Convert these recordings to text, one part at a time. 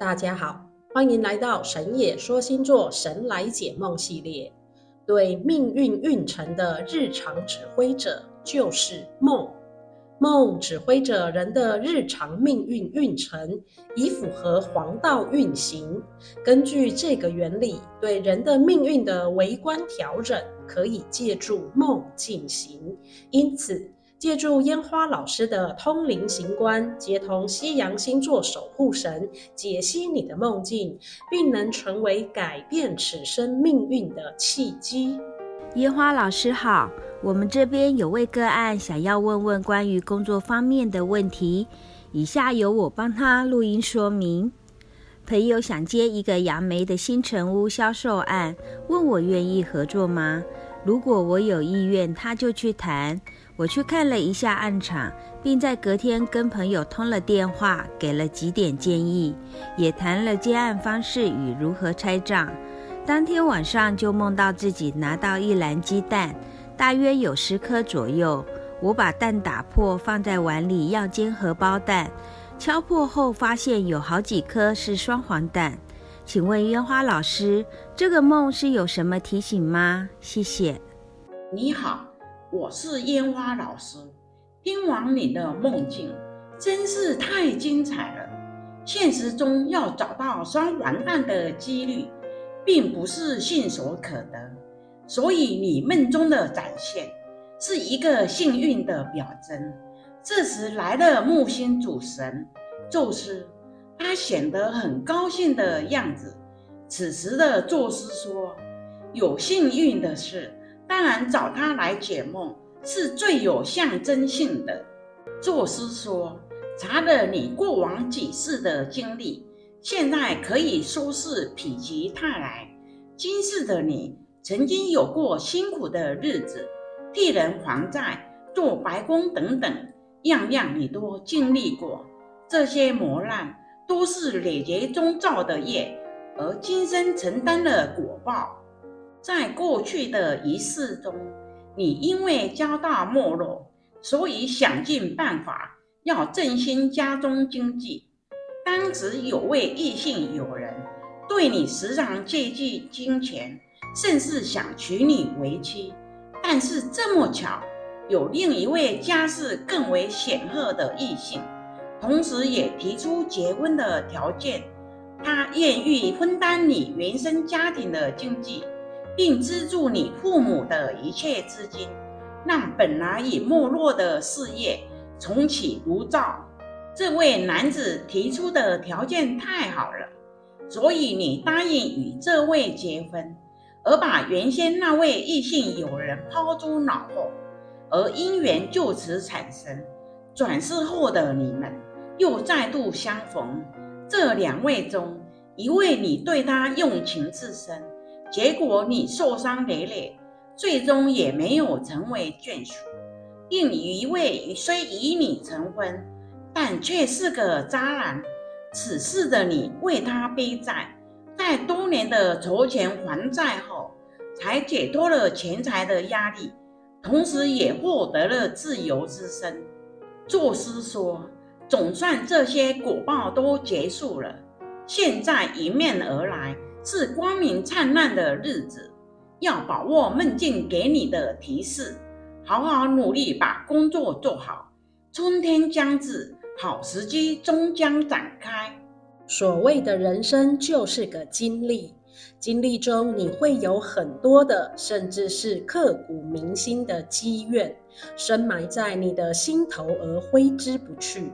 大家好，歡迎來到神野說星座，神來解夢系列。對命運運程的日常指揮者就是夢，夢指揮着人的日常命運運程，以符合黃道運行。根據這個原理，對人的命運的微觀調整可以借助夢進行。因此，借助煙花老師的通靈行官，接通西洋星座守護神，解析你的夢境，並能成為改變此生命運的契機。煙花老師好，我們這邊有位個案想要問問關於工作方面的問題，以下由我幫他錄音說明。朋友想接一個楊梅的新成屋銷售案，問我願意合作嗎？如果我有意願，他就去談。我去看了一下案場，並在隔天跟朋友通了電話，給了幾點建議，也談了接案方式與如何拆賬。當天晚上就夢到自己拿到一籃雞蛋，大約有十顆左右。我把蛋打破，放在碗裡要煎荷包蛋，敲破後發現有好幾顆是雙黃蛋。請問煙花老師，這個夢是有什麼提醒嗎？謝謝。你好，我是煙花老師。聽完你的夢境，真是太精彩了。現實中要找到雙黃蛋的幾率，並不是信手可得，所以你夢中的展現，是一個幸運的表徵。這時來了木星主神宙斯。他顯得很高興的樣子。此時的作詩說：“有幸運的事，當然找他來解夢是最有象徵性的。”作詩說：“查了你過往幾世的經歷，現在可以說是否極泰來。今世的你曾經有過辛苦的日子，替人還債、做白工等等，樣樣你都經歷過這些磨難。”都是累劫中造的業，而今生承擔了果報。在過去的一世中，你因為家道沒落，所以想盡辦法要振興家中經濟。當時有位異性友人對你時常借據金錢，甚至想娶你為妻。但是這麼巧，有另一位家世更為顯赫的異性。同時，也提出結婚的條件，他願意分擔你原生家庭的經濟，並資助你父母的一切資金，讓本來已沒落的事業重起爐灶。這位男子提出的條件太好了，所以你答應與這位結婚，而把原先那位異性友人拋諸腦後，而姻緣就此產生。轉世後的你們。又再度相逢，這兩位中，一位你對他用情至深，結果你受傷累累，最終也沒有成為眷屬；另一位雖與你成婚，但卻是個渣男。此時的你為他背債，在多年的籌錢還債後，才解脫了錢財的壓力，同時也獲得了自由之身。作詩說。總算這些果報都結束了，現在迎面而來是光明燦爛的日子。要把握夢境給你的提示，好好努力把工作做好。春天將至，好時機終將展開。所謂的人生就是個經歷，經歷中你會有很多的，甚至是刻骨銘心的積怨，深埋在你的心頭而揮之不去。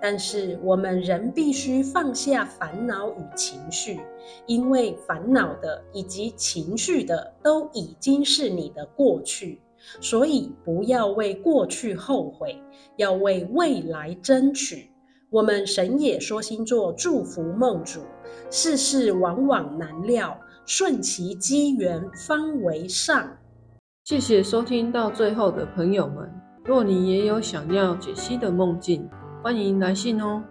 但是我們仍必須放下煩惱與情緒，因為煩惱的以及情緒的都已經是你的過去，所以不要為過去後悔，要為未來爭取。我們神野說星座祝福夢主，世事往往難料，順其機緣方為上。謝謝收聽到最後的朋友們，若你也有想要解析的夢境。歡迎來信哦。